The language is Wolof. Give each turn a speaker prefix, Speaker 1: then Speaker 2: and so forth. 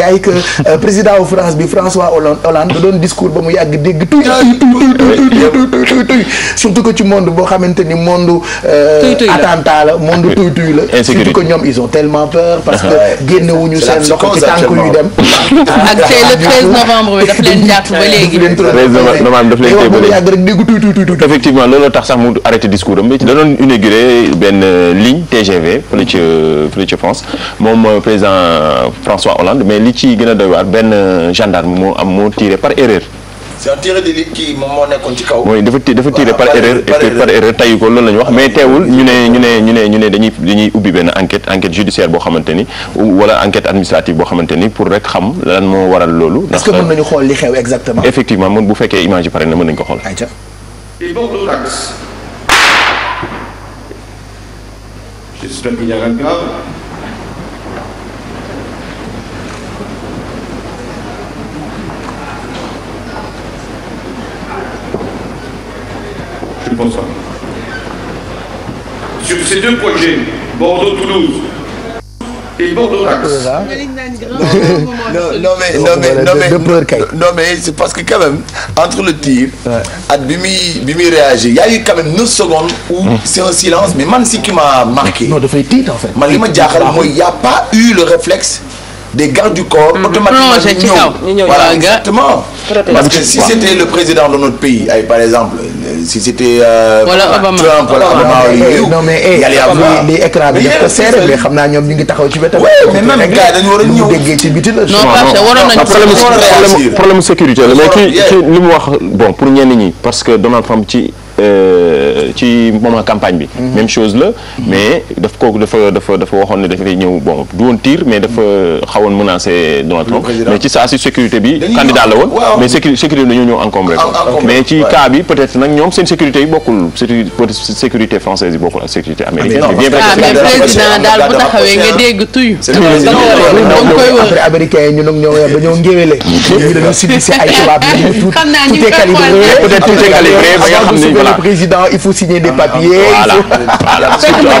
Speaker 1: yaay que président wu France bi François Hollande da doon discours ba mu yàgg dégg tuy tuy surtout que ci monde boo xamante ni monde attentat la monde tuy tuy la surtout que ñoom ils ont tellement peur parce que génne wuñu seen loxo ci tànk yu dem ak c'est le 13 novembre bi daf leen jaatu ba ba léegi yàgg dégg
Speaker 2: tuy tuy effectivement looloo tax sax mu arrêté discours am bi da doon inauguré benn ligne TGV fële ca fële ca France moom président François li ci gën a doy waar benn gendarme moo am moo tiré par erreur.
Speaker 1: c'est un tir mooy dafa dafa par erreur et loolu la ñu wax mais teewul ñu ne ñu ne ñu ne
Speaker 2: ñu dañuy ubbi benn enquête enquête judiciaire boo xamante ni wala enquête administrative boo xamante ni pour rek xam lan moo waral loolu. ndax est-ce que mën nañu xool li xew exactement. effectivement mën bu fekkee image pare na mën nañu ko xool.
Speaker 1: Sur ces deux projets, Bordeaux-Toulouse et Bordeaux-Dax. non, non, mais, non, mais, non, mais, non, mais c'est parce que quand même, entre le tir, à Bimi, Bimi réagit, il y a eu quand même 9 secondes où c'est un silence, mais même si qui m'a marqué. Non, de fait, titre en fait. Il n'y a pas eu le réflexe des gardes du corps mm -hmm. automatiquement. Non, voilà, exactement. Parce que si c'était le président de notre pays, avec, par exemple, si c'était. Euh, wala Obama voilà eh, eh, non mais eh, li écran bi daf ko ci wetam. mais même gars dañu war a ñëw déggee ci biti la. problème sécurité la mais ki ki
Speaker 2: li mu wax bon pour ñenn ñi parce que Donald Trump ci. Euh, ci moment campagne bi. Mhm. même chose la. mais daf kooku dafa dafa dafa waxoon ne dafay ñëw bon du woon tir mais dafa xawoon menacé Donald Trump mais ci saa si sécurité bi. candidat la woon mais sécurité dañoo ñëw encombré mais ci cas bi peut être nag ñoom seen sécurité yi bokkul sécurité française yi bokkul ak sécurité américaine. bien président daal bu taxawee nga dégg
Speaker 1: tuyu. après américain yi ñun ak ñu dañoo si ay tubaab yi. xam naa ñu ngi koy nga xam ne président il faut signer des papiers. Voilà.